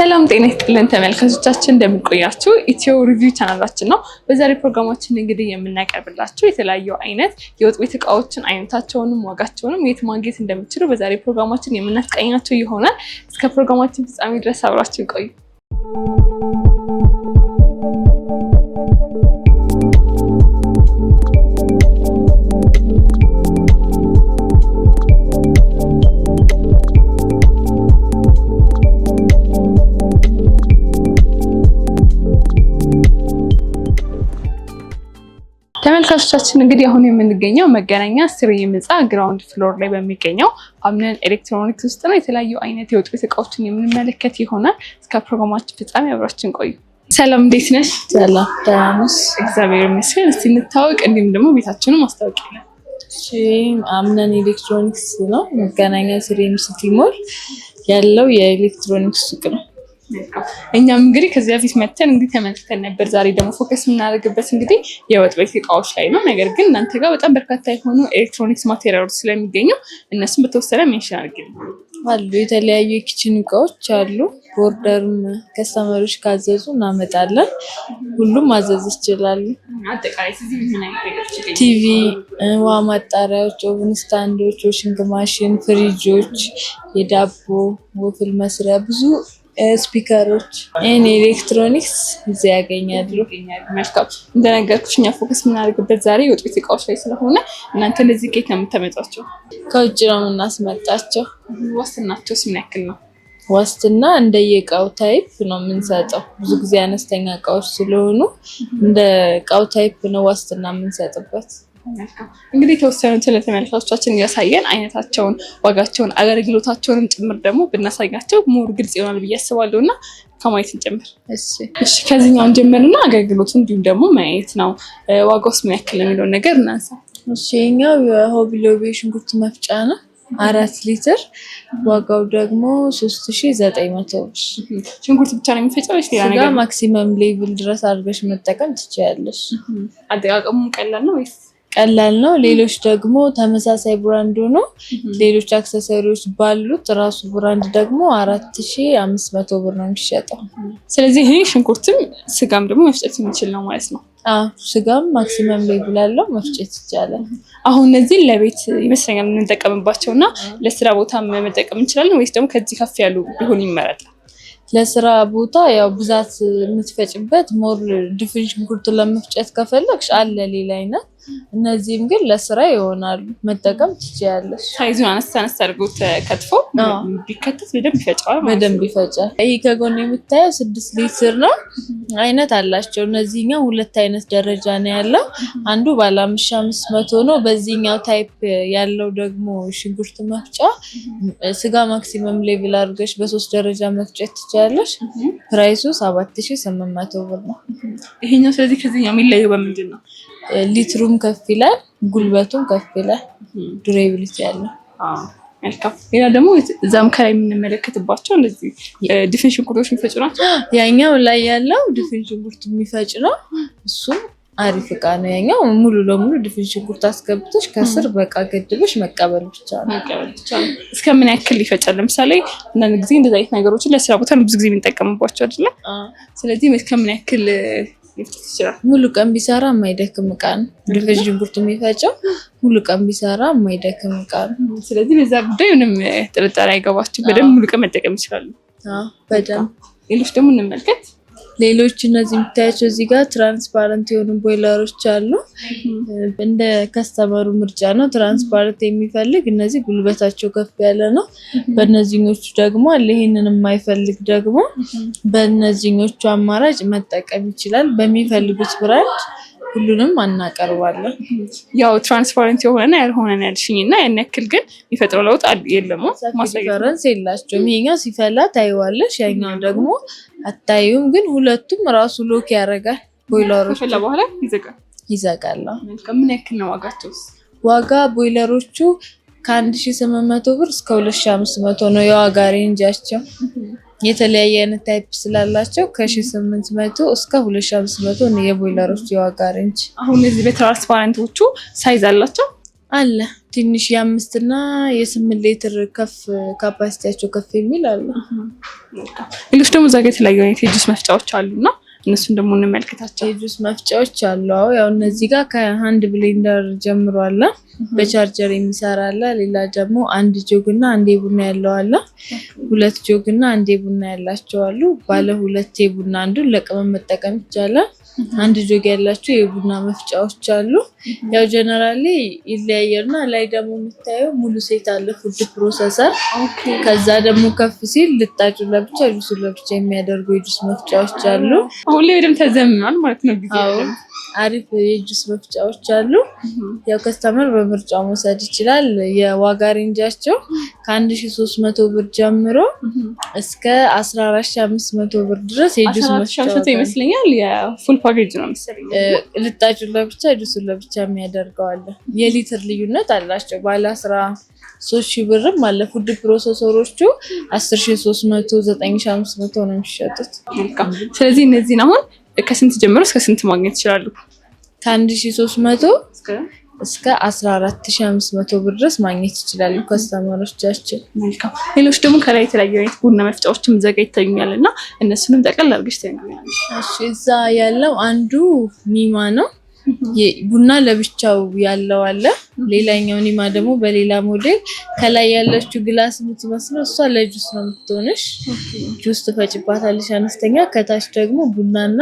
ሰላም ጤና ይስጥልን ተመልካቾቻችን፣ እንደምንቆያችሁ ኢትዮ ሪቪው ቻናላችን ነው። በዛሬ ፕሮግራማችን እንግዲህ የምናቀርብላችሁ የተለያዩ አይነት የወጥ ቤት እቃዎችን አይነታቸውንም ዋጋቸውንም የት ማግኘት እንደምችሉ በዛሬ ፕሮግራማችን የምናስቀኛቸው ይሆናል። እስከ ፕሮግራማችን ፍጻሜ ድረስ አብራችን ይቆዩ። ተመልካቾቻችን እንግዲህ አሁን የምንገኘው መገናኛ ስሪ ህንፃ ግራውንድ ፍሎር ላይ በሚገኘው አምነን ኤሌክትሮኒክስ ውስጥ ነው። የተለያዩ አይነት የውጤት እቃዎችን የምንመለከት ይሆናል። እስከ ፕሮግራማችን ፍጻሜ አብራችን ቆዩ። ሰላም፣ እንዴት ነሽ? ሰላም፣ ደህና ነሽ? እግዚአብሔር ይመስገን። እስቲ እንታወቅ፣ እንዲሁም ደግሞ ቤታችንን ማስታወቂያለን። አምነን ኤሌክትሮኒክስ ነው መገናኛ ስሪ ሲቲ ሞል ያለው የኤሌክትሮኒክስ ሱቅ ነው። እኛም እንግዲህ ከዚህ በፊት መተን እንግዲህ ተመልክተን ነበር። ዛሬ ደግሞ ፎከስ የምናደርግበት እንግዲህ የወጥ ቤት እቃዎች ላይ ነው። ነገር ግን እናንተ ጋር በጣም በርካታ የሆኑ ኤሌክትሮኒክስ ማቴሪያሎች ስለሚገኙ እነሱም በተወሰነ ሜንሽን አድርግ አሉ። የተለያዩ የኪችን እቃዎች አሉ። ቦርደርም ከስተመሮች ካዘዙ እናመጣለን። ሁሉም ማዘዝ ይችላሉ። ቲቪ፣ ውሃ ማጣሪያዎች፣ ኦቭን ስታንዶች፣ ዋሽንግ ማሽን፣ ፍሪጆች፣ የዳቦ ወፍል መስሪያ ብዙ ስፒከሮች፣ ይህን ኤሌክትሮኒክስ እዚያ ያገኛሉ። መልካም እንደነገርኩሽ እኛ ፎከስ የምናደርግበት ዛሬ የወጡት እቃዎች ላይ ስለሆነ እናንተ ለዚህ ጌት ነው የምታመጧቸው? ከውጭ ነው የምናስመጣቸው። ዋስትናቸውስ ምን ያክል ነው? ዋስትና እንደ የእቃው ታይፕ ነው የምንሰጠው። ብዙ ጊዜ አነስተኛ እቃዎች ስለሆኑ እንደ እቃው ታይፕ ነው ዋስትና የምንሰጥበት። እንግዲህ የተወሰኑትን ስለተመልካቾቻችን እያሳየን አይነታቸውን፣ ዋጋቸውን፣ አገልግሎታቸውንም ጭምር ደግሞ ብናሳያቸው ሙሉ ግልጽ ይሆናል ብዬ አስባለሁ እና ከማየት እንጀምር። እሺ ከዚህኛውን ጀምርና አገልግሎቱ እንዲሁም ደግሞ ማየት ነው ዋጋውስ ምን ያክል የሚለውን ነገር እናንሳ። እሺ ይኸኛው የሆቢ ሎቢ ሽንኩርት መፍጫ ነው አራት ሊትር ዋጋው ደግሞ ሶስት ሺ ዘጠኝ መቶ ብር። ሽንኩርት ብቻ ነው የሚፈጨው ወይስ ማክሲመም ሌቭል ድረስ አድርገሽ መጠቀም ትችያለሽ። አጠቃቀሙ ቀላል ነው ወይስ ቀላል ነው። ሌሎች ደግሞ ተመሳሳይ ብራንድ ሆኖ ሌሎች አክሰሰሪዎች ባሉት ራሱ ብራንድ ደግሞ አራት ሺ አምስት መቶ ብር ነው የሚሸጠው። ስለዚህ ይህ ሽንኩርትም ስጋም ደግሞ መፍጨት የሚችል ነው ማለት ነው። ስጋም ማክሲመም ላይ ብላለው መፍጨት ይቻላል። አሁን እነዚህን ለቤት ይመስለኛል የምንጠቀምባቸው እና ለስራ ቦታ መጠቀም እንችላለን ወይስ ደግሞ ከዚህ ከፍ ያሉ ቢሆን ይመረጣል? ለስራ ቦታ ያው ብዛት የምትፈጭበት ሞር ድፍን ሽንኩርት ለመፍጨት ከፈለግሽ አለ ሌላ አይነት እነዚህም ግን ለስራ ይሆናሉ፣ መጠቀም ትችያለሽ። ሳይዙን አነስ አነስ አድርጎት ከትፎ ቢከተት በደንብ ይፈጫል። በደንብ ይፈጫል። ይህ ከጎን የምታየው ስድስት ሊትር ነው። አይነት አላቸው። እነዚህኛው ሁለት አይነት ደረጃ ነው ያለው። አንዱ ባለ አምስት አምስት መቶ ነው። በዚህኛው ታይፕ ያለው ደግሞ ሽንኩርት መፍጫ፣ ስጋ ማክሲመም ሌቭል አድርገሽ በሶስት ደረጃ መፍጨት ትችያለሽ። ፕራይሱ ሰባት ሺ ስምንት መቶ ብር ነው ይሄኛው። ስለዚህ ከዚህኛው የሚለየው በምንድን ነው? ሊትሩም ከፍ ይላል፣ ጉልበቱም ከፍ ይላል። ዱሬብሊቲ ያለው መልካም። ሌላ ደግሞ እዛም ከላይ የምንመለከትባቸው እንደዚህ ድፍን ሽንኩርቶች የሚፈጭ ናቸው። ያኛው ላይ ያለው ድፍን ሽንኩርት የሚፈጭ ነው። እሱም አሪፍ እቃ ነው። ያኛው ሙሉ ለሙሉ ድፍን ሽንኩርት አስገብተሽ ከስር በቃ ገድበሽ መቀበል ብቻ ነው። እስከ ምን ያክል ይፈጫል? ለምሳሌ አንዳንድ ጊዜ እንደዚህ አይነት ነገሮችን ለስራ ቦታ ብዙ ጊዜ የምንጠቀምባቸው አይደለም። ስለዚህ እስከምን ያክል ይችላል። ሙሉ ቀን ቢሰራ የማይደክም እቃ ነው። ድፍን ሽንኩርት የሚፈጨው ሙሉ ቀን ቢሰራ የማይደክም እቃ ነው። ስለዚህ በዛ ጉዳይ ምንም ጥርጣሬ አይገባቸው በደንብ ሙሉ ቀን መጠቀም ይችላሉ። በደንብ ሌሎች ደግሞ እንመልከት። ሌሎች እነዚህ የምታያቸው እዚህ ጋር ትራንስፓረንት የሆኑ ቦይለሮች አሉ። እንደ ከስተመሩ ምርጫ ነው። ትራንስፓረንት የሚፈልግ እነዚህ ጉልበታቸው ከፍ ያለ ነው። በእነዚህኞቹ ደግሞ አለ። ይህንን የማይፈልግ ደግሞ በእነዚህኞቹ አማራጭ መጠቀም ይችላል በሚፈልጉት ብራንድ ሁሉንም አናቀርባለን። ያው ትራንስፓረንት የሆነና ያልሆነን ያልሽኝ እና ያን ያክል ግን የሚፈጥረው ለውጥ የለም። ማስፈረንስ የላቸውም። ይሄኛው ሲፈላ ታይዋለሽ፣ ያኛው ደግሞ አታዩም። ግን ሁለቱም ራሱ ሎክ ያደርጋል። ቦይለሮች ከፈላ በኋላ ይዘጋል ይዘጋል። ምን ያክል ነው ዋጋቸው? ዋጋ ቦይለሮቹ ከአንድ ሺህ ስምንት መቶ ብር እስከ ሁለት ሺህ አምስት መቶ ነው የዋጋ ሬንጃቸው። የተለያየ አይነት ታይፕ ስላላቸው ከ1800 እስከ 2500 ነው የቦይለሮች የዋጋ ሬንጅ። አሁን እዚህ በትራንስፓረንቶቹ ሳይዝ አላቸው አለ ትንሽ የአምስት እና የስምንት ሊትር ከፍ ካፓሲቲያቸው ከፍ የሚል አለ። ሌሎች ደግሞ እዛ ጋ የተለያዩ አይነት የጁስ መፍጫዎች አሉና እነሱን ደግሞ እንመልከታቸው። የጁስ መፍጫዎች አሉ። ያው እነዚህ ጋር ከአንድ ብሌንደር ጀምሮ አለ፣ በቻርጀር የሚሰራ አለ። ሌላ ደግሞ አንድ ጆግና አንዴ ቡና ያለው አለ። ሁለት ጆግና አንዴ ቡና ያላቸው አሉ። ባለ ሁለቴ ቡና አንዱን ለቅመም መጠቀም ይቻላል። አንድ ጆግ ያላቸው የቡና መፍጫዎች አሉ። ያው ጀነራሊ ይለያየርና ላይ ደግሞ የምታየው ሙሉ ሴት አለ ፉድ ፕሮሰሰር። ከዛ ደግሞ ከፍ ሲል ልጣጩ ለብቻ ጁሱ ለብቻ የሚያደርጉ የጁስ መፍጫዎች አሉ። አሁን ላይ በደምብ ተዘምኗል ማለት ነው። ጊዜ አሪፍ የጁስ መፍጫዎች አሉ። ያው ከስተመር በምርጫው መውሰድ ይችላል። የዋጋ ሬንጃቸው ከአንድ ሺ ሶስት መቶ ብር ጀምሮ እስከ አስራ አራት ሺ አምስት መቶ ብር ድረስ የጁስ መፍጫ ይመስለኛል ፓኬጅ ነው መሰለኝ። ልጣጩን ለብቻ ጁሱን ለብቻ የሚያደርገዋለ። የሊትር ልዩነት አላቸው። ባለ አስራ ሶስት ሺህ ብርም አለ። ፉድ ፕሮሰሰሮቹ አስር ሺህ ሶስት መቶ ዘጠኝ ሺ አምስት መቶ ነው የሚሸጡት። ስለዚህ እነዚህን አሁን ከስንት ጀምሮ እስከ ስንት ማግኘት ይችላሉ? ከአንድ ሺህ ሶስት መቶ እስከ 14500 ብር ድረስ ማግኘት ይችላሉ ከአስተማሪዎቻችን። መልካም። ሌሎች ደግሞ ከላይ የተለያዩ አይነት ቡና መፍጫዎችም ዘጋ ይታዩኛል እና እነሱንም ጠቀል አድርገሽ ታዩኛለሽ። እዛ ያለው አንዱ ኒማ ነው። ቡና ለብቻው ያለው አለ። ሌላኛው ኒማ ደግሞ በሌላ ሞዴል ከላይ ያለችው ግላስ የምትመስለው እሷ ለጁስ ነው የምትሆንሽ። ጁስ ትፈጭባታለሽ አነስተኛ። ከታች ደግሞ ቡናና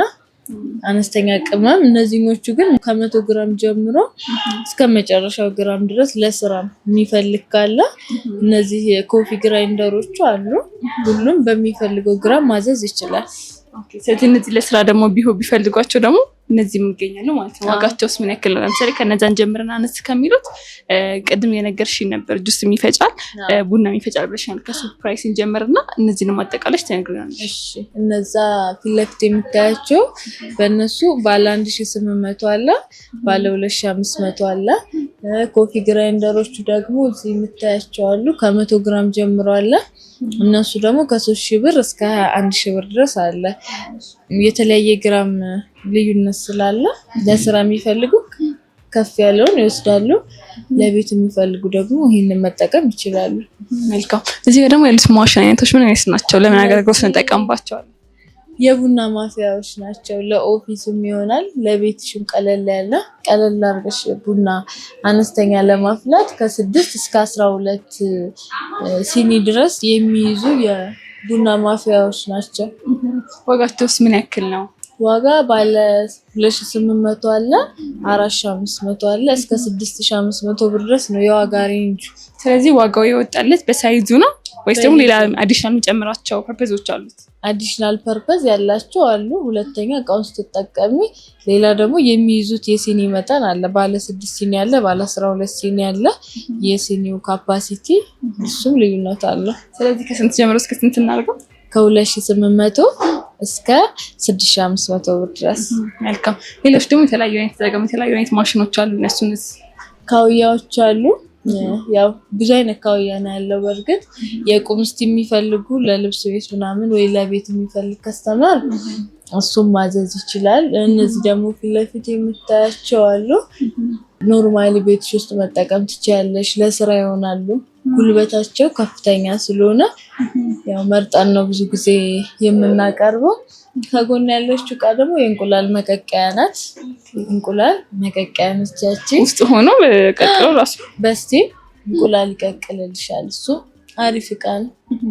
አነስተኛ ቅመም። እነዚህኞቹ ግን ከመቶ ግራም ጀምሮ እስከ መጨረሻው ግራም ድረስ ለስራ የሚፈልግ ካለ እነዚህ የኮፊ ግራይንደሮቹ አሉ። ሁሉም በሚፈልገው ግራም ማዘዝ ይችላል። ስለዚህ እነዚህ ለስራ ደግሞ ቢሆ ቢፈልጓቸው ደግሞ እነዚህ የሚገኛሉ ማለት ነው። ዋጋቸውስ ምን ያክል ነው? ለምሳሌ ከነዛን ጀምረን አነስ ከሚሉት ቅድም የነገርሽኝ ነበር፣ ጁስ የሚፈጫል ቡና የሚፈጫል ብለሻል። ከሱ ፕራይስን ጀምርና እነዚህን ማጠቃለች ትነግረናለች። እነዛ ፊት ለፊት የምታያቸው በእነሱ ባለ አንድ ሺ ስምንት መቶ አለ፣ ባለ ሁለት ሺ አምስት መቶ አለ። ኮፊ ግራይንደሮቹ ደግሞ እዚህ የምታያቸው አሉ ከመቶ ግራም ጀምሮ አለ እነሱ ደግሞ ከሶስት ሺህ ብር እስከ አንድ ሺህ ብር ድረስ አለ። የተለያየ ግራም ልዩነት ስላለ ለስራ የሚፈልጉ ከፍ ያለውን ይወስዳሉ። ለቤት የሚፈልጉ ደግሞ ይህንን መጠቀም ይችላሉ። መልካም። እዚህ ደግሞ ያሉት ማሽን አይነቶች ምን አይነት ናቸው? ለምን አገልግሎት እንጠቀምባቸዋለን? የቡና ማፍያዎች ናቸው። ለኦፊስም ይሆናል ለቤትሽም ቀለል ያለ ቀለል አርገሽ ቡና አነስተኛ ለማፍላት ከስድስት እስከ አስራ ሁለት ሲኒ ድረስ የሚይዙ የቡና ማፍያዎች ናቸው። ዋጋቸውስ ምን ያክል ነው? ዋጋ ባለ ሁለት ሺህ ስምንት መቶ አለ፣ አራት ሺህ አምስት መቶ አለ፣ እስከ ስድስት ሺህ አምስት መቶ ብር ድረስ ነው የዋጋ ሬንጁ። ስለዚህ ዋጋው የወጣለት በሳይዙ ነው ወይስ ደግሞ ሌላ አዲሽናል የሚጨምራቸው ፐርፐዞች አሉት? አዲሽናል ፐርፐዝ ያላቸው አሉ። ሁለተኛ እቃውን ስትጠቀሚ፣ ሌላ ደግሞ የሚይዙት የሲኒ መጠን አለ። ባለ ስድስት ሲኒ አለ፣ ባለ አስራ ሁለት ሲኒ አለ። የሲኒው ካፓሲቲ እሱም ልዩነት አለው። ስለዚህ ከስንት ጀምሮ እስከ ስንት እናደርገው? ከሁለት ሺ ስምንት መቶ እስከ መቶ ብር ድረስ። መልካም ሌሎች ደግሞ የተለያዩ አይነት ዘገም የተለያዩ አይነት ማሽኖች አሉ። እነሱን ካውያዎች አሉ ያው ብዙ አይነት ካውያ ነው ያለው። በእርግጥ የቁም የሚፈልጉ ለልብስ ቤት ምናምን ወይ ለቤት የሚፈልግ ከስተመር እሱም ማዘዝ ይችላል። እነዚህ ደግሞ ፊት ለፊት የምታያቸው አሉ ኖርማሊ ቤትሽ ውስጥ መጠቀም ትችያለሽ። ለስራ ይሆናሉ። ጉልበታቸው ከፍተኛ ስለሆነ ያው መርጠን ነው ብዙ ጊዜ የምናቀርበው። ከጎን ያለችው እቃ ደግሞ የእንቁላል መቀቀያ ናት። እንቁላል መቀቀያ ነቻችን ውስጥ ሆኖ በቀቀው ራሱ በስቲም እንቁላል ይቀቅልልሻል እሱ አሪፍ ይቃል።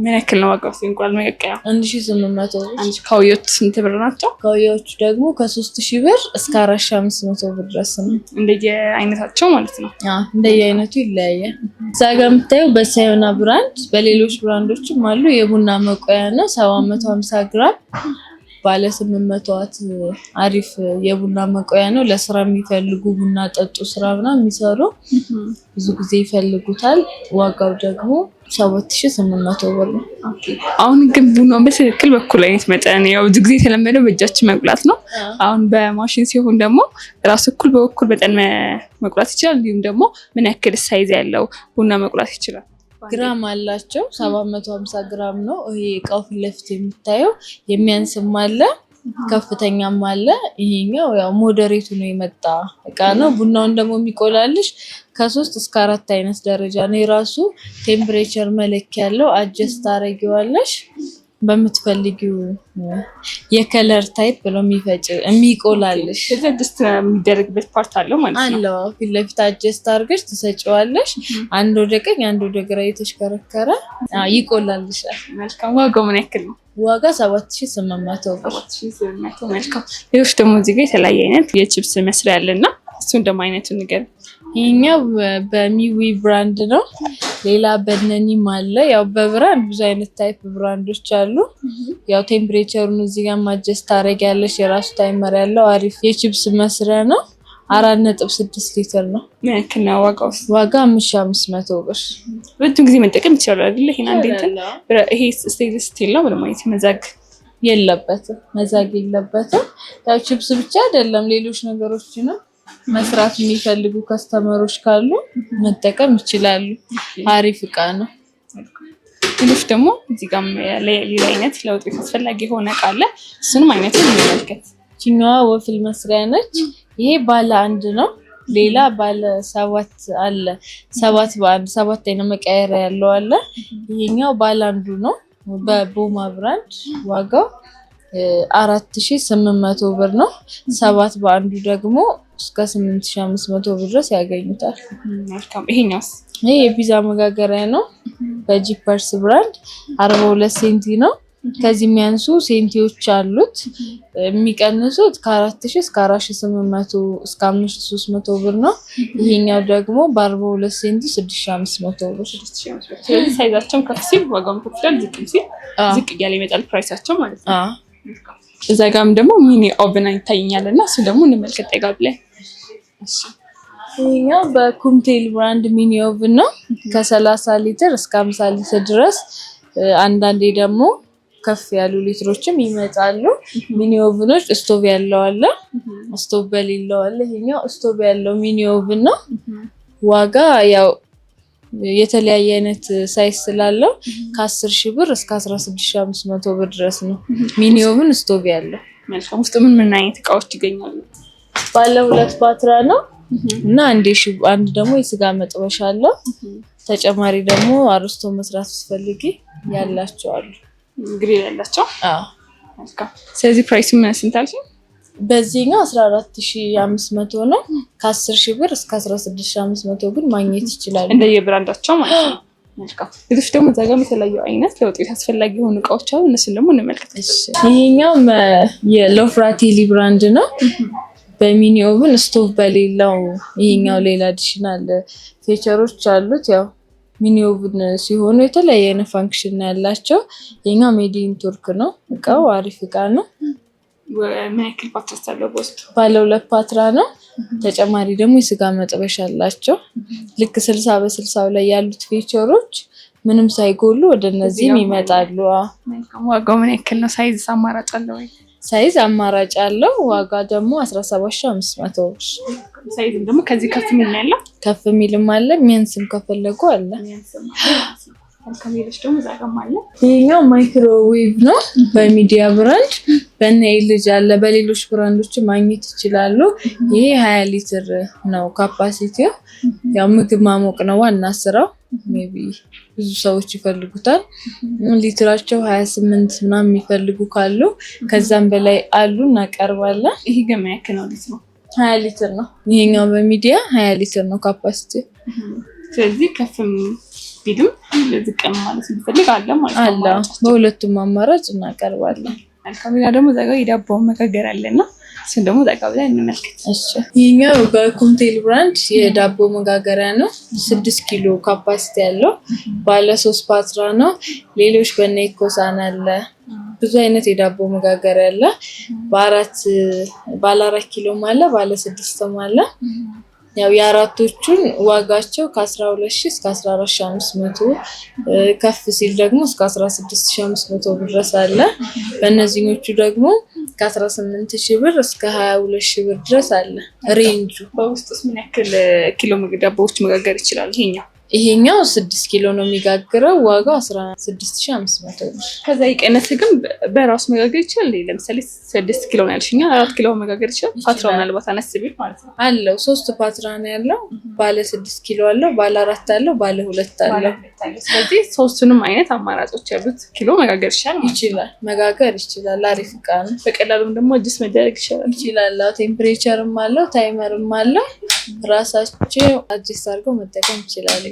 ምን ያክል ነው ዋጋው? እንቁላል መቀቀያ አንድ ሺ ስምንት መቶ ብር። ካውዮች ስንት ብር ናቸው? ካውያዎቹ ደግሞ ከሶስት ሺህ ብር እስከ አራት ሺ አምስት መቶ ብር ድረስ ነው። እንደየ አይነታቸው ማለት ነው። እንደየ አይነቱ ይለያያል። እዛ ጋር የምታየው በሳዮና ብራንድ፣ በሌሎች ብራንዶችም አሉ። የቡና መቆያ ነው ሰባ መቶ ሀምሳ ግራም ባለ ስምንት መቶ ዋት አሪፍ የቡና መቆያ ነው። ለስራ የሚፈልጉ ቡና ጠጡ ስራ ምናምን የሚሰሩ ብዙ ጊዜ ይፈልጉታል። ዋጋው ደግሞ ሰባት ሺ ስምንት መቶ ብር ነው። አሁን ግን ቡና በትክክል በኩል አይነት መጠን ያው ብዙ ጊዜ የተለመደው በእጃችን መቁላት ነው። አሁን በማሽን ሲሆን ደግሞ ራሱ እኩል በኩል መጠን መቁላት ይችላል። እንዲሁም ደግሞ ምን ያክል ሳይዝ ያለው ቡና መቁላት ይችላል። ግራም አላቸው። ሰባት መቶ ሀምሳ ግራም ነው ይሄ እቃው ፊት ለፊት የምታየው። የሚያንስም አለ ከፍተኛም አለ። ይሄኛው ያው ሞዴሬቱ ነው የመጣ እቃ ነው። ቡናውን ደግሞ የሚቆላልሽ ከሶስት እስከ አራት አይነት ደረጃ ነው። የራሱ ቴምፕሬቸር መለኪያ ያለው አጀስት አረጊዋለሽ። በምትፈልጊው የከለር ታይፕ ብሎ የሚፈጭ የሚቆላልሽ ስድስት የሚደረግበት ፓርት አለው ማለት ነው። አለው ፊት ለፊት አጀስት አድርገሽ ትሰጪዋለሽ። አንድ ወደ ቀኝ፣ አንድ ወደ ግራ የተሽከረከረ ይቆላልሻል። መልካም። ዋጋው ምን ያክል ነው? ዋጋ ሰባት ሺ ስምንት መቶ መልካም። ሌሎች ደግሞ እዚህ ጋ የተለያየ አይነት የቺፕስ መስሪያ አለና እሱ እንደማ አይነቱ ንገር ይህኛው በሚዊ ብራንድ ነው። ሌላ በነኒም አለ። ያው በብራንድ ብዙ አይነት ታይፕ ብራንዶች አሉ። ያው ቴምፕሬቸሩን እዚህ ጋር ማጀስት ታደርጊያለሽ። የራሱ ታይመር ያለው አሪፍ የቺፕስ መስሪያ ነው። አራት ነጥብ ስድስት ሊትር ነው። ክና ዋጋ ውስጥ ዋጋ አምስት ሺህ አምስት መቶ ብር። ሁለቱም ጊዜ መጠቀም ይቻላል አይደለ? ይሄን አንዴ እንትን ይሄ ስቴንለስ ስቲል ነው። ምንም አይነት መዛግ የለበትም መዛግ የለበትም። ያው ቺፕስ ብቻ አይደለም ሌሎች ነገሮች ነው መስራት የሚፈልጉ ከስተመሮች ካሉ መጠቀም ይችላሉ። አሪፍ እቃ ነው። ሌሎች ደግሞ እዚህ ጋር ሌላ አይነት ለውጥ አስፈላጊ የሆነ እቃ አለ። እሱንም አይነት እንመልከት። ችኛዋ ወፍል መስሪያ ነች። ይሄ ባለ አንድ ነው። ሌላ ባለ ሰባት አለ። ሰባት በአንድ ሰባት አይነት መቀየሪያ ያለው አለ። ይሄኛው ባለ አንዱ ነው። በቦማ ብራንድ ዋጋው አራት ሺ ስምንት መቶ ብር ነው። ሰባት በአንዱ ደግሞ እስከ ስምንት ሺህ አምስት መቶ ብር ድረስ ያገኙታል። ይሄኛውስ ይሄ የፒዛ መጋገሪያ ነው። በጂፐርስ ብራንድ አርባ ሁለት ሴንቲ ነው። ከዚህ የሚያንሱ ሴንቲዎች አሉት። የሚቀንሱት ከአራት ሺህ እስከ አራት ስምንት መቶ እስከ አምስት ሶስት መቶ ብር ነው። ይሄኛው ደግሞ በአርባ ሁለት ሴንቲ ስድስት አምስት መቶ ብር። ስለዚህ ሳይዛቸውም ከፍ ሲል ዋጋውም ከፍ ይላል፣ ሲል ዝቅ እያለ ይመጣል ፕራይሳቸው ማለት ነው። እዛ ጋም ደግሞ ሚኒ ኦቨን ይታየኛል እና እሱ ደግሞ እንመልከት ጠጋብ ይሄኛው በኩምቴል ብራንድ ሚኒ ነው። ከ30 ሊትር እስከ 50 ሊትር ድረስ አንዳንዴ ደግሞ ከፍ ያሉ ሊትሮችም ይመጣሉ። ሚኒ ኦቭኖች ስቶቭ ያለው አለ፣ ስቶቭ በሌለው አለ። ይሄኛው ስቶቭ ያለው ሚኒ ኦቭን ነው። ዋጋ ያው የተለያየ አይነት ሳይዝ ስላለው ከ10 ሺህ ብር እስከ 16500 ብር ድረስ ነው። ሚኒ ስቶቭ ያለው። መልካም። ውስጥ ምን ምን አይነት እቃዎች ይገኛሉ? ባለ ሁለት ባትራ ነው እና አንዴ አንድ ደግሞ የስጋ መጥበሻ አለው። ተጨማሪ ደግሞ አርስቶ መስራት ስፈልጊ ያላቸው አሉ። እንግዲህ ያላቸው ስለዚህ ፕራይስ ምን ስንታል? በዚህኛው 14500 ነው። ከ10000 ብር እስከ 16500 ግን ማግኘት ይችላሉ እንደየብራንዳቸው ማለት ነው። መልካም ልጆች ደግሞ እዛ ጋርም የተለያዩ አይነት ለውጤት አስፈላጊ የሆኑ እቃዎች አሉ። እነሱን ደግሞ እንመልከት። ይሄኛው የሎፍራቴሊ ብራንድ ነው። በሚኒ ኦቭን ስቶቭ በሌለው ይሄኛው ሌላ አዲሽናል ፊቸሮች አሉት። ያው ሚኒ ኦቭን ሲሆኑ የተለያየ አይነት ፋንክሽን ያላቸው። ይሄኛው ሜዲን ቱርክ ነው። እቃው አሪፍ እቃ ነው። ፓትራ ባለ ሁለት ፓትራ ነው። ተጨማሪ ደግሞ የስጋ መጥበሻ አላቸው። ልክ ስልሳ በስልሳው ላይ ያሉት ፊቸሮች ምንም ሳይጎሉ ወደ እነዚህም ይመጣሉ። ዋጋው ምን ያክል ነው? ሳይዝ አማራጭ አለ ወይ? ሳይዝ አማራጭ አለው ዋጋ ደግሞ 17500 ብር። ሳይዝ ደግሞ ከዚህ ከፍ የሚል አለ፣ ከፍ የሚልም አለ፣ ሚያንስም ከፈለጉ አለ። ይሄኛው ማይክሮዌቭ ነው በሚዲያ ብራንድ፣ በእነ ኤልጅ አለ፣ በሌሎች ብራንዶች ማግኘት ይችላሉ። ይሄ 20 ሊትር ነው ካፓሲቲው። ያው ምግብ ማሞቅ ነው ዋና ስራው። ሜቢ ብዙ ሰዎች ይፈልጉታል። ሊትራቸው ሀያ ስምንት ምናምን የሚፈልጉ ካሉ ከዛም በላይ አሉ እናቀርባለን። ይሄ ገመያ ነው ሊትር ነው ሀያ ሊትር ነው ይሄኛው በሚዲያ ሀያ ሊትር ነው ካፓሲቲ። ስለዚህ ከፍም ቢልም ዝቅም ማለት የሚፈልግ አለ ማለት አለ። በሁለቱም አማራጭ እናቀርባለን። ከሚና ደግሞ ዛጋ የዳቦ መጋገር አለና እሱን ደግሞ ጠቃ ብለን እንመልከት። ይህኛው በኮምቴል ብራንድ የዳቦ መጋገሪያ ነው። ስድስት ኪሎ ካፓሲቲ ያለው ባለ ሶስት ፓትራ ነው። ሌሎች በነ ኢኮሳን አለ ብዙ አይነት የዳቦ መጋገሪያ አለ። በአራት ባለ አራት ኪሎም አለ፣ ባለ ስድስትም አለ። ያው የአራቶቹን ዋጋቸው ከ12 ሺህ እስከ 14500 ከፍ ሲል ደግሞ እስከ 16500 ድረስ አለ። በእነዚህኞቹ ደግሞ ከ18 ሺህ ብር እስከ 22 ሺህ ብር ድረስ አለ ሬንጁ። በውስጡስ ምን ያክል ኪሎ ዳቦዎች መጋገር ይችላል ይሄኛው? ይሄኛው ስድስት ኪሎ ነው የሚጋግረው። ዋጋው አስራ ስድስት ሺ አምስት መቶ ነው። ከዛ የቀነሰ ግን በራሱ መጋገር ይችላል። ለምሳሌ ስድስት ኪሎ ነው ያልሽኛ፣ አራት ኪሎ መጋገር ይችላል። ፓትራ ምናልባት አነስ ቢል ማለት ነው አለው። ሶስት ፓትራ ነው ያለው። ባለ ስድስት ኪሎ አለው፣ ባለ አራት አለው፣ ባለ ሁለት አለው። ስለዚህ ሶስቱንም አይነት አማራጮች ያሉት ኪሎ መጋገር ይችላል ይችላል መጋገር ይችላል። አሪፍ እቃ ነው። በቀላሉም ደግሞ እጅስ መደረግ ይችላል ይችላል። ቴምፕሬቸርም አለው፣ ታይመርም አለው። ራሳቸው አጅስ አድርገው መጠቀም ይችላል።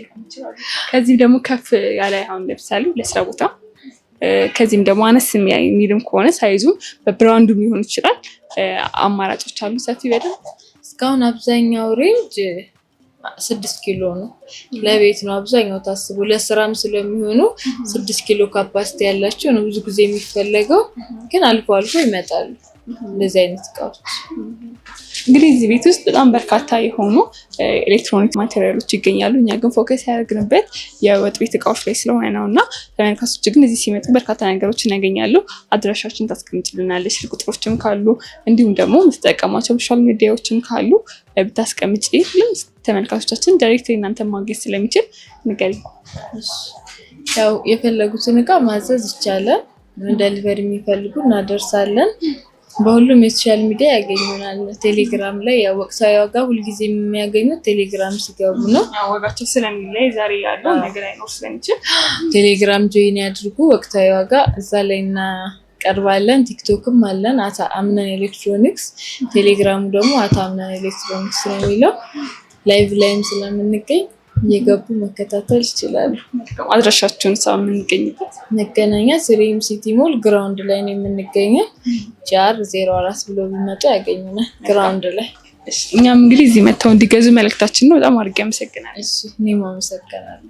ከዚህም ደግሞ ከፍ ያለ አሁን ለምሳሌ ለስራ ቦታ ከዚህም ደግሞ አነስ የሚልም ከሆነ ሳይዙ በብራንዱ ሊሆን ይችላል። አማራጮች አሉ ሰፊ በደንብ እስካሁን አብዛኛው ሬንጅ ስድስት ኪሎ ነው። ለቤት ነው አብዛኛው ታስቦ ለስራም ስለሚሆኑ ስድስት ኪሎ ካፓሲቲ ያላቸው ነው ብዙ ጊዜ የሚፈለገው፣ ግን አልፎ አልፎ ይመጣሉ። እንደዚህ አይነት እቃዎች እንግዲህ እዚህ ቤት ውስጥ በጣም በርካታ የሆኑ ኤሌክትሮኒክ ማቴሪያሎች ይገኛሉ። እኛ ግን ፎከስ ያደርግንበት የወጥ ቤት እቃዎች ላይ ስለሆነ ነው እና ተመልካቾች ግን እዚህ ሲመጡ በርካታ ነገሮች እናገኛሉ። አድራሻችን ታስቀምጭልናለች፣ ስልክ ቁጥሮችም ካሉ እንዲሁም ደግሞ ምትጠቀሟቸው ሶሻል ሚዲያዎችም ካሉ ብታስቀምጭ ተመልካቾቻችን ዳይሬክት እናንተ ማግኘት ስለሚችል ንገሪ። ያው የፈለጉትን እቃ ማዘዝ ይቻላል። ደሊቨሪ የሚፈልጉ እናደርሳለን። በሁሉም የሶሻል ሚዲያ ያገኙናል። ቴሌግራም ላይ ያው ወቅታዊ ዋጋ ሁልጊዜ የሚያገኙት ቴሌግራም ሲገቡ ነው። ዋጋቸው ስለሚለይ ዛሬ ያለው ነገር አይኖር ስለሚችል ቴሌግራም ጆይን ያድርጉ። ወቅታዊ ዋጋ እዛ ላይ እናቀርባለን። ቲክቶክም አለን አታ አምነን ኤሌክትሮኒክስ፣ ቴሌግራሙ ደግሞ አታ አምነን ኤሌክትሮኒክስ ስለሚለው ላይቭ ላይም ስለምንገኝ እየገቡ መከታተል ይችላሉ። አድራሻቸውን ሰው የምንገኝበት መገናኛ ስሪም ሲቲ ሞል ግራውንድ ላይ ነው የምንገኘው። ጃር ዜሮ አራት ብሎ ቢመጡ ያገኙናል ግራውንድ ላይ። እኛም እንግዲህ እዚህ መጥተው እንዲገዙ መልእክታችን ነው። በጣም አድርጌ አመሰግናለሁ። እኔም አመሰግናለሁ።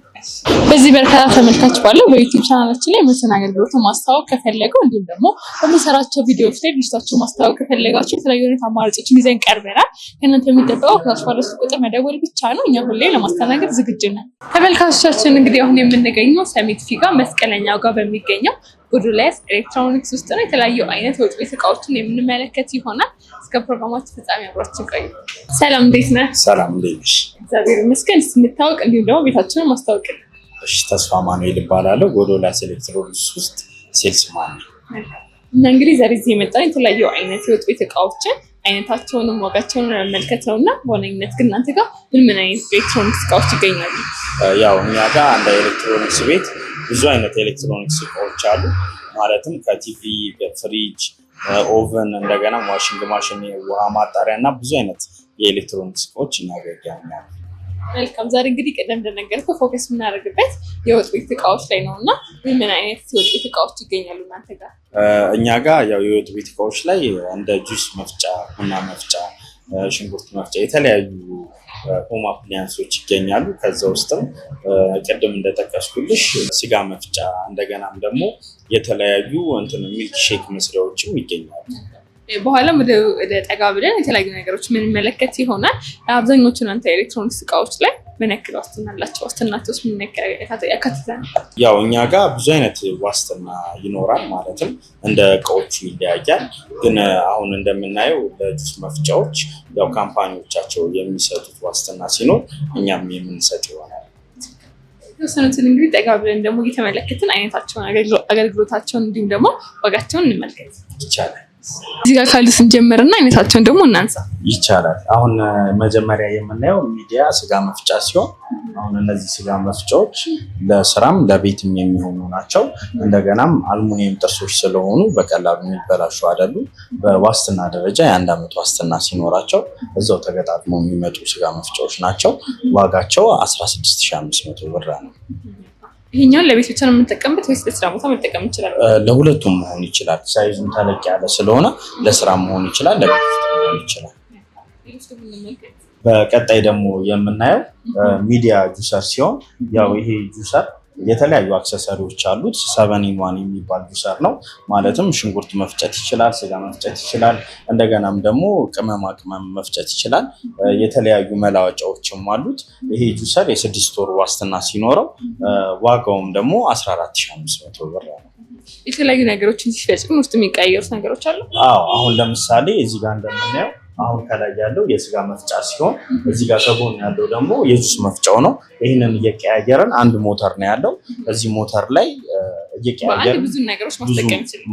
በዚህ በርካታ ተመልካች ባለው በዩቲዩብ ቻናላችን ላይ ምርትን አገልግሎት ማስታወቅ ከፈለገው እንዲሁም ደግሞ በምንሰራቸው ቪዲዮዎች ላይ ድርጅታችሁን ማስታወቅ ከፈለጋቸው የተለያዩ አይነት አማራጮችን ይዘን ቀርበናል። ከእናንተ የሚጠበቀው ከታች ባለው ስልክ ቁጥር መደወል ብቻ ነው። እኛ ሁሌ ለማስተናገድ ዝግጅ ነን። ተመልካቾቻችን እንግዲህ አሁን የምንገኘው ሰሚት ፊጋ መስቀለኛው ጋር በሚገኘው ጉዱላስ ኤሌክትሮኒክስ ውስጥ ነው። የተለያዩ አይነት የወጥ ቤት እቃዎችን የምንመለከት ይሆናል። እስከ ፕሮግራማችን ፍጻሜ አብራችሁ ቆዩ። ሰላም፣ እንዴት ነህ? ሰላም፣ እንዴት ነሽ? እግዚአብሔር ይመስገን። ስንታወቅ እንዲሁም ደግሞ ቤታችንን ማስታወቅ። እሺ፣ ተስፋ ማኑኤል ይባላለሁ። ጎዶላስ ኤሌክትሮኒክስ ውስጥ ሴልስ ማን ነው እና እንግዲህ ዛሬ እዚህ የመጣን የተለያዩ አይነት የወጥ ቤት እቃዎችን አይነታቸውንም ዋጋቸውን መመልከት ነው እና በዋነኝነት ግን እናንተ ጋር ምን ምን አይነት ኤሌክትሮኒክስ እቃዎች ይገኛሉ? ያው እኛ ጋር አንድ ኤሌክትሮኒክስ ቤት ብዙ አይነት ኤሌክትሮኒክስ እቃዎች አሉ። ማለትም ከቲቪ፣ ፍሪጅ፣ ኦቨን እንደገና ዋሽንግ ማሽን፣ ውሃ ማጣሪያ እና ብዙ አይነት የኤሌክትሮኒክስ እቃዎች እናገኛለን። መልካም። ዛሬ እንግዲህ ቅድም እንደነገርኩ ፎከስ የምናደርግበት የወጥ ቤት እቃዎች ላይ ነው እና ምን አይነት የወጥቤት እቃዎች ይገኛሉ እናንተ ጋር? እኛ ጋር ያው የወጥ ቤት እቃዎች ላይ እንደ ጁስ መፍጫ፣ ቡና መፍጫ፣ ሽንኩርት መፍጫ የተለያዩ ሆም አፕሊያንሶች ይገኛሉ። ከዛ ውስጥም ቅድም እንደጠቀስኩልሽ ስጋ መፍጫ እንደገናም ደግሞ የተለያዩ እንትን ሚልክ ሼክ መስሪያዎችም ይገኛሉ። በኋላም ወደ ጠጋ ብለን የተለያዩ ነገሮች የምንመለከት ይሆናል። አብዛኞቹ እናንተ ኤሌክትሮኒክስ እቃዎች ላይ ምን ያክል ዋስትና አላቸው? ዋስትናቸውስ ምን ያካትታል? ያው እኛ ጋር ብዙ አይነት ዋስትና ይኖራል። ማለትም እንደ እቃዎቹ ይለያያል። ግን አሁን እንደምናየው ለጁስ መፍጫዎች ያው ካምፓኒዎቻቸው የሚሰጡት ዋስትና ሲኖር እኛም የምንሰጥ ይሆናል። የተወሰኑትን እንግዲህ ጠጋ ብለን ደግሞ እየተመለከትን አይነታቸውን፣ አገልግሎታቸውን እንዲሁም ደግሞ ዋጋቸውን እንመልከት ይቻላል። እዚህ ጋር ካሉት እንጀምርና አይነታቸውን ደግሞ እናንሳ ይቻላል። አሁን መጀመሪያ የምናየው ሚዲያ ስጋ መፍጫ ሲሆን አሁን እነዚህ ስጋ መፍጫዎች ለስራም ለቤትም የሚሆኑ ናቸው። እንደገናም አልሙኒየም ጥርሶች ስለሆኑ በቀላሉ የሚበላሹ አይደሉም። በዋስትና ደረጃ የአንድ ዓመት ዋስትና ሲኖራቸው እዛው ተገጣጥሞ የሚመጡ ስጋ መፍጫዎች ናቸው። ዋጋቸው 16500 ብር ነው። ይሄኛውን ለቤት ብቻ ነው የምንጠቀምበት ወይስ ለስራ ቦታ መጠቀም እንችላለን? ለሁለቱም መሆን ይችላል። ሳይዝም ተለቅ ያለ ስለሆነ ለስራ መሆን ይችላል፣ ለቤት መሆን ይችላል። በቀጣይ ደግሞ የምናየው ሚዲያ ጁሰር ሲሆን ያው ይሄ ጁሰር የተለያዩ አክሰሰሪዎች አሉት። ሰቨን ኢን ዋን የሚባል ጁሰር ነው። ማለትም ሽንኩርት መፍጨት ይችላል፣ ስጋ መፍጨት ይችላል፣ እንደገናም ደግሞ ቅመማ ቅመም መፍጨት ይችላል። የተለያዩ መላወጫዎችም አሉት። ይሄ ጁሰር የስድስት ወር ዋስትና ሲኖረው ዋጋውም ደግሞ 14500 ብር ነው። የተለያዩ ነገሮችን ሲፈጭ ውስጥ የሚቀያየሩት ነገሮች አሉ። አዎ አሁን ለምሳሌ እዚህ ጋር እንደምናየው አሁን ከላይ ያለው የስጋ መፍጫ ሲሆን እዚህ ጋር ከጎን ያለው ደግሞ የጁስ መፍጫው ነው። ይህንን እየቀያየረን አንድ ሞተር ነው ያለው። እዚህ ሞተር ላይ እየቀያየረን ብዙ ነገሮች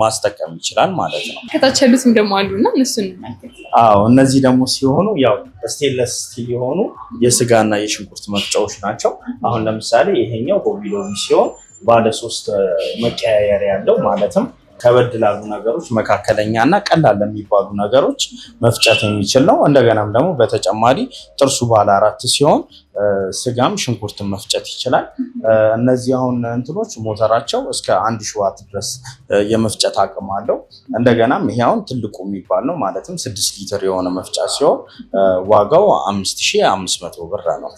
ማስጠቀም ይችላል ማለት ነው። ከታች ያሉትም ደግሞ አሉ እና እነሱ እንመልከት። እነዚህ ደግሞ ሲሆኑ ያው ስቴንለስ ስቲል የሆኑ የስጋና የሽንኩርት መፍጫዎች ናቸው። አሁን ለምሳሌ ይሄኛው ሆቢሎሚ ሲሆን ባለ ሶስት መቀያየር ያለው ማለትም ከበድ ላሉ ነገሮች መካከለኛ እና ቀላል ለሚባሉ ነገሮች መፍጨት የሚችል ነው። እንደገናም ደግሞ በተጨማሪ ጥርሱ ባለ አራት ሲሆን ስጋም ሽንኩርትን መፍጨት ይችላል። እነዚህ አሁን እንትኖች ሞተራቸው እስከ አንድ ሸዋት ድረስ የመፍጨት አቅም አለው። እንደገናም ይሄ አሁን ትልቁ የሚባል ነው ማለትም ስድስት ሊትር የሆነ መፍጫ ሲሆን ዋጋው አምስት ሺህ አምስት መቶ ብር ነው።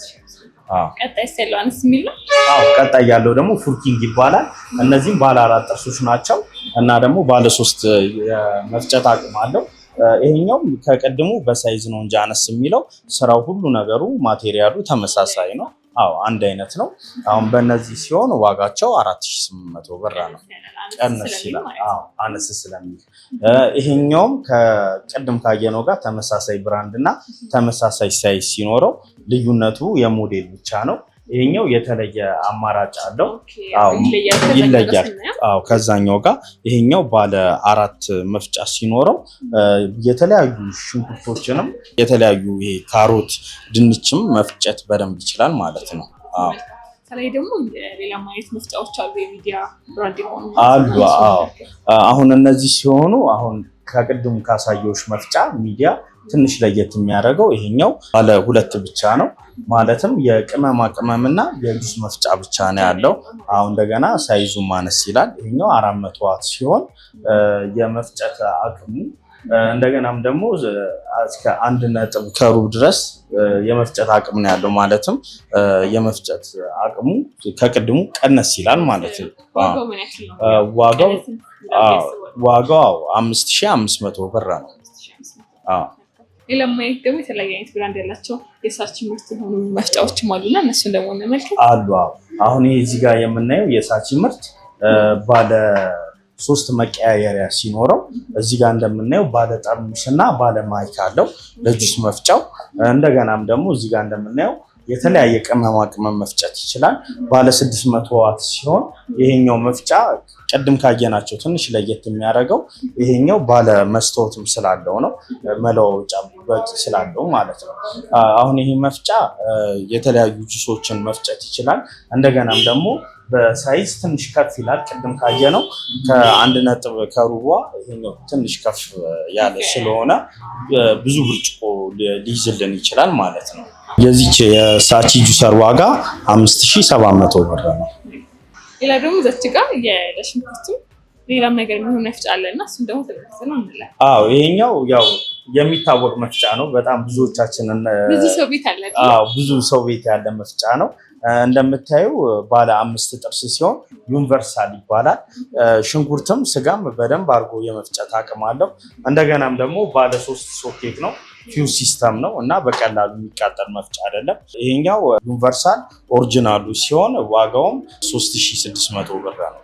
ቀጣይ ሴሏንስ የሚል ቀጣይ ያለው ደግሞ ፉርኪንግ ይባላል። እነዚህም ባለ አራት ጥርሶች ናቸው እና ደግሞ ባለ ሶስት መፍጨት አቅም አለው። ይሄኛው ከቀድሞ በሳይዝ ነው እንጂ አነስ የሚለው ስራው ሁሉ ነገሩ ማቴሪያሉ ተመሳሳይ ነው። አዎ አንድ አይነት ነው። አሁን በእነዚህ ሲሆን ዋጋቸው 4800 ብር ነው። ቀንስ ይላል። አዎ አነስ ስለሚል ይሄኛውም ከቅድም ካየነው ጋር ተመሳሳይ ብራንድ እና ተመሳሳይ ሳይዝ ሲኖረው ልዩነቱ የሞዴል ብቻ ነው። ይሄኛው የተለየ አማራጭ አለው። ይለያል ከዛኛው ጋር። ይሄኛው ባለ አራት መፍጫ ሲኖረው የተለያዩ ሽንኩርቶችንም የተለያዩ ይሄ ካሮት፣ ድንችም መፍጨት በደንብ ይችላል ማለት ነው። ከላይ ደግሞ ሌላ ማየት መፍጫዎች አሉ፣ የሚዲያ ብራንድ የሆኑ አሉ። አሁን እነዚህ ሲሆኑ አሁን ከቅድም ካሳየዎች መፍጫ ሚዲያ ትንሽ ለየት የሚያደርገው ይሄኛው ባለ ሁለት ብቻ ነው። ማለትም የቅመማ ቅመምና የጁስ መፍጫ ብቻ ነው ያለው። አሁን እንደገና ሳይዙ ማነስ ይላል። ይሄኛው አራት መቶ ዋት ሲሆን የመፍጨት አቅሙ እንደገናም ደግሞ እስከ አንድ ነጥብ ከሩብ ድረስ የመፍጨት አቅም ነው ያለው። ማለትም የመፍጨት አቅሙ ከቅድሙ ቀነስ ይላል ማለት ነው። ዋጋው ዋጋው አምስት ሺህ አምስት መቶ ብር ነው። ሌላም ማየት ደግሞ የተለያየ አይነት ብራንድ ያላቸው የሳች ምርት የሆኑ መፍጫዎችም አሉና እነሱን ደግሞ እንመልከት አሉ። አሁን ይህ እዚህ ጋር የምናየው የሳች ምርት ባለ ሶስት መቀያየሪያ ሲኖረው እዚህ ጋር እንደምናየው ባለ ጠርሙስ ባለ ማይክ አለው ለጁስ መፍጫው። እንደገናም ደግሞ እዚህ ጋር እንደምናየው የተለያየ ቅመማ ቅመም መፍጨት ይችላል። ባለ 600 ዋት ሲሆን ይሄኛው መፍጫ ቅድም ካየናቸው ትንሽ ለየት የሚያደርገው ይሄኛው ባለ መስታወትም ስላለው ነው፣ መለዋወጫ በቂ ስላለው ማለት ነው። አሁን ይሄ መፍጫ የተለያዩ ጁሶችን መፍጨት ይችላል። እንደገናም ደግሞ በሳይዝ ትንሽ ከፍ ይላል። ቅድም ካየ ነው ከአንድ ነጥብ ከሩቧ ትንሽ ከፍ ያለ ስለሆነ ብዙ ብርጭቆ ሊይዝልን ይችላል ማለት ነው። የዚች የሳቺ ጁሰር ዋጋ 5700 ብር ነው። ሌላ ደግሞ ዘች ጋ የሽንኩርቱ ሌላም ነገር የሚሆን መፍጫ አለ እና እሱም ደግሞ ተመልሰን ይሄኛው ያው የሚታወቅ መፍጫ ነው። በጣም ብዙዎቻችንን ብዙ ሰው ቤት ያለ መፍጫ ነው። እንደምታዩ ባለ አምስት ጥርስ ሲሆን ዩኒቨርሳል ይባላል። ሽንኩርትም ስጋም በደንብ አድርጎ የመፍጨት አቅም አለው። እንደገናም ደግሞ ባለ ሶስት ሶኬት ነው ፊው ሲስተም ነው እና በቀላሉ የሚቃጠል መፍጫ አይደለም። ይሄኛው ዩኒቨርሳል ኦሪጂናሉ ሲሆን ዋጋውም 3600 ብር ነው።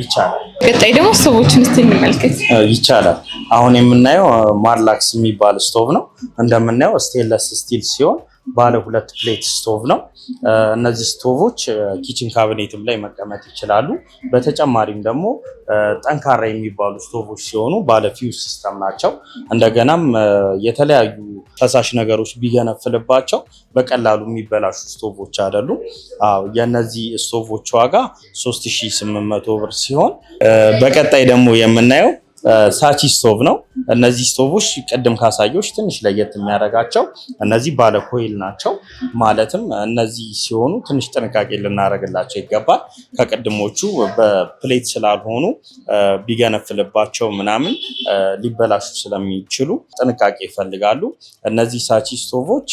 ይቻላል። ቀጣይ ደግሞ እስኪ እንመልከት። ይቻላል። አሁን የምናየው ማርላክስ የሚባል ስቶቭ ነው። እንደምናየው ስቴንለስ ስቲል ሲሆን ባለ ሁለት ፕሌት ስቶቭ ነው። እነዚህ ስቶቮች ኪችን ካቢኔትም ላይ መቀመጥ ይችላሉ። በተጨማሪም ደግሞ ጠንካራ የሚባሉ ስቶቮች ሲሆኑ ባለ ፊውስ ሲስተም ናቸው። እንደገናም የተለያዩ ፈሳሽ ነገሮች ቢገነፍልባቸው በቀላሉ የሚበላሹ ስቶቮች አይደሉም። የእነዚህ ስቶቮች ዋጋ 3800 ብር ሲሆን በቀጣይ ደግሞ የምናየው ሳቺ ስቶቭ ነው። እነዚህ ስቶቮች ቅድም ካሳዮች ትንሽ ለየት የሚያደርጋቸው እነዚህ ባለ ኮይል ናቸው። ማለትም እነዚህ ሲሆኑ ትንሽ ጥንቃቄ ልናደርግላቸው ይገባል። ከቅድሞቹ በፕሌት ስላልሆኑ ቢገነፍልባቸው ምናምን ሊበላሹ ስለሚችሉ ጥንቃቄ ይፈልጋሉ። እነዚህ ሳቺ ስቶቮች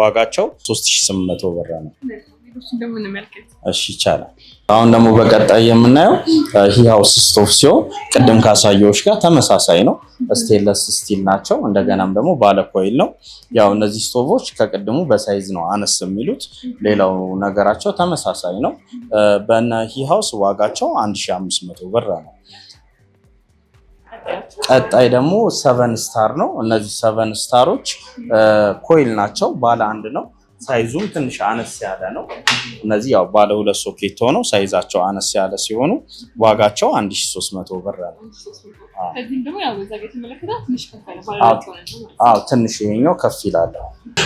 ዋጋቸው 3800 ብር ነው። እሺ ይቻላል። አሁን ደግሞ በቀጣይ የምናየው ሂ ሃውስ ስቶቭ ሲሆን ቅድም ካሳየዎች ጋር ተመሳሳይ ነው። ስቴንለስ ስቲል ናቸው። እንደገናም ደግሞ ባለኮይል ነው። ያው እነዚህ ስቶቮች ከቅድሙ በሳይዝ ነው አነስ የሚሉት። ሌላው ነገራቸው ተመሳሳይ ነው። በነ ሂ ሃውስ ዋጋቸው 1500 ብር ነው። ቀጣይ ደግሞ ሰቨን ስታር ነው። እነዚህ ሰቨን ስታሮች ኮይል ናቸው። ባለ አንድ ነው ሳይዙም ትንሽ አነስ ያለ ነው። እነዚህ ያው ባለ ሁለት ሶኬት ሆነው ሳይዛቸው አነስ ያለ ሲሆኑ ዋጋቸው 1300 ብር ነው። አዎ ትንሽ ይሄኛው ከፍ ይላል።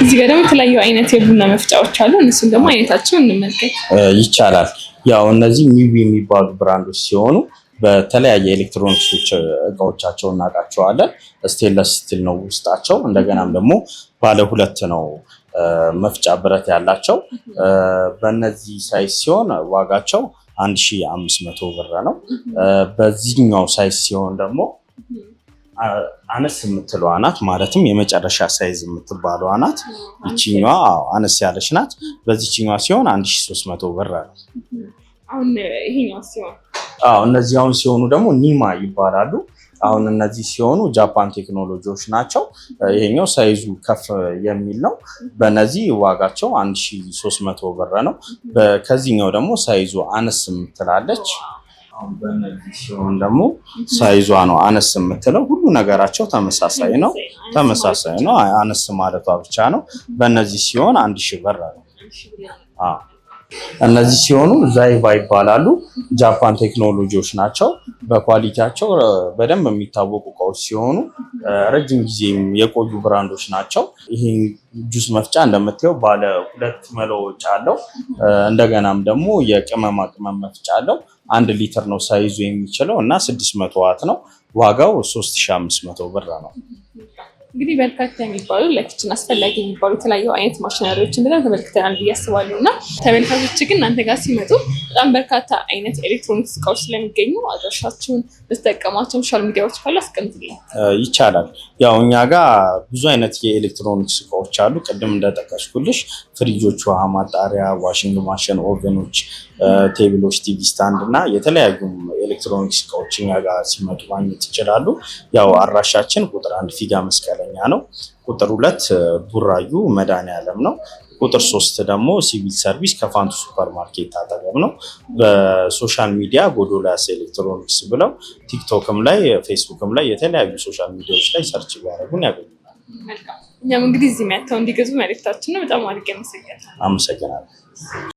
እዚህ ጋር ደግሞ የተለያዩ አይነት የቡና መፍጫዎች አሉ። እነሱ ደግሞ አይነታቸው እንመልከት ይቻላል። ያው እነዚህ ሚዊ የሚባሉ ብራንዶች ሲሆኑ በተለያየ ኤሌክትሮኒክሶች እቃዎቻቸው እናውቃቸዋለን። ስቴንለስ ስቲል ነው ውስጣቸው። እንደገናም ደግሞ ባለ ሁለት ነው መፍጫ ብረት ያላቸው በእነዚህ ሳይዝ ሲሆን ዋጋቸው 1500 ብር ነው። በዚህኛው ሳይዝ ሲሆን ደግሞ አነስ የምትለው ናት ማለትም የመጨረሻ ሳይዝ የምትባለዋ ናት። ይችኛ አነስ ያለች ናት። በዚችኛ ሲሆን 1300 ብር ነው። አሁን ይሄኛው ሲሆን አዎ እነዚህ አሁን ሲሆኑ ደግሞ ኒማ ይባላሉ። አሁን እነዚህ ሲሆኑ ጃፓን ቴክኖሎጂዎች ናቸው። ይሄኛው ሳይዙ ከፍ የሚል ነው። በነዚህ ዋጋቸው 1300 ብር ነው። ከዚህኛው ደግሞ ሳይዙ አነስ የምትላለች ሲሆን ደግሞ ሳይዟ ነው አነስ የምትለው። ሁሉ ነገራቸው ተመሳሳይ ነው ተመሳሳይ ነው። አነስ ማለቷ ብቻ ነው። በነዚህ ሲሆን አንድ ሺህ ብር ነው። እነዚህ ሲሆኑ ዛይቫ ይባላሉ። ጃፓን ቴክኖሎጂዎች ናቸው። በኳሊቲያቸው በደንብ የሚታወቁ እቃዎች ሲሆኑ ረጅም ጊዜም የቆዩ ብራንዶች ናቸው። ይሄ ጁስ መፍጫ እንደምታየው ባለ ሁለት መለዎች አለው። እንደገናም ደግሞ የቅመማ ቅመም መፍጫ አለው። አንድ ሊትር ነው ሳይዙ የሚችለው እና ስድስት መቶ ዋት ነው። ዋጋው ሶስት አምስት መቶ ብር ነው። እንግዲህ በርካታ የሚባሉ ለኪችን አስፈላጊ የሚባሉ የተለያዩ አይነት ማሽነሪዎችን በጣም ተመልክተናል ብዬ አስባለሁ እና ተመልካቾች ግን እናንተ ጋር ሲመጡ በጣም በርካታ አይነት ኤሌክትሮኒክስ እቃዎች ስለሚገኙ አድራሻችሁን በተጠቀሟቸው ሶሻል ሚዲያዎች ካሉ አስቀምጥልኝ። ይቻላል። ያው እኛ ጋር ብዙ አይነት የኤሌክትሮኒክስ እቃዎች አሉ። ቅድም እንደጠቀስኩልሽ ፍሪጆች፣ ውሃ ማጣሪያ፣ ዋሽንግ ማሽን፣ ኦቨኖች፣ ቴብሎች፣ ቲቪ ስታንድ እና የተለያዩ ኤሌክትሮኒክስ እቃዎች እኛ ጋር ሲመጡ ማግኘት ይችላሉ። ያው አድራሻችን ቁጥር አንድ ፊጋ መስቀል ዳግረኛ ነው። ቁጥር ሁለት ቡራዩ መድኃኔዓለም ነው። ቁጥር ሶስት ደግሞ ሲቪል ሰርቪስ ከፋንቱ ሱፐር ማርኬት አጠገብ ነው። በሶሻል ሚዲያ ጎዶላስ ኤሌክትሮኒክስ ብለው ቲክቶክም ላይ ፌስቡክም ላይ የተለያዩ ሶሻል ሚዲያዎች ላይ ሰርች ቢያደርጉን ያገኙናል። እኛም እንግዲህ እዚህ መጥተው እንዲገዙ መልእክታችን ነው። በጣም አድርጌ አመሰግናለሁ።